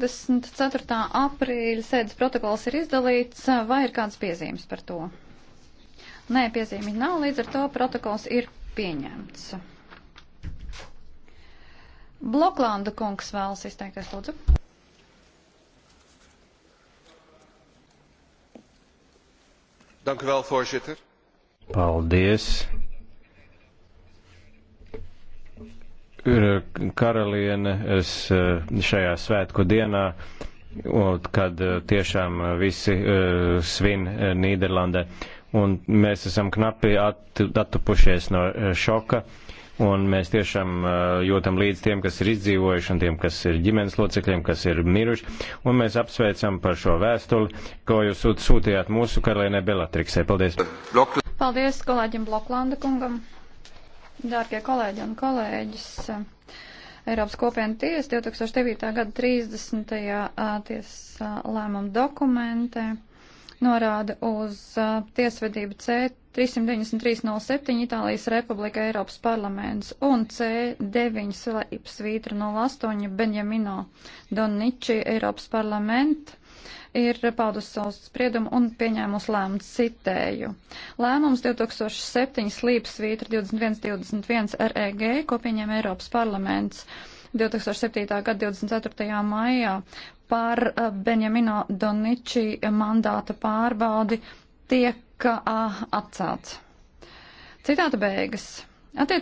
24. aprīļa sēdes protokols ir izdalīts, vai ir kāds piezīmes par to? Nē, piezīmi nav, līdz ar to protokols ir pieņemts. Bloklanda kungs vēlas izteikties, lūdzu. Dank u wel, voorzitter. Paldies. Eh, karaliene eh, šajā svētku dienā, kad eh, tiešām visi svin Nīderlandē. Un mēs esam knapi attupušies no šoka, un mēs tiešām jūtam līdz tiem, kas ir izdzīvojuši, un tiem, kas ir ģimenes locekļiem, kas ir miruši, un mēs apsveicam par šo vēstuli, ko jūs sūtījāt mūsu karalienē Belatriksē. Paldies! Paldies kolēģim Bloklanda kungam! Dārgie kolēģi un kolēģis, Eiropas kopiena tiesa 2009. gada 30. tiesa lēmuma dokumentē norāda uz tiesvedību C 393.07 Itālijas Republika Eiropas parlaments un C9 Svītra 08 Benjamino Donniči Eiropas parlaments ir paudusi savu spriedumu un pieņēmusi lēmumu citēju. Lēmums 2007 slīpsvītra 2121 REG, ko pieņēma Eiropas parlaments 2007. gada 24. maijā par eh, Benjamino Doniči mandāta pārbaudi tiek eh, atcelts. Citāta beigas. Attiec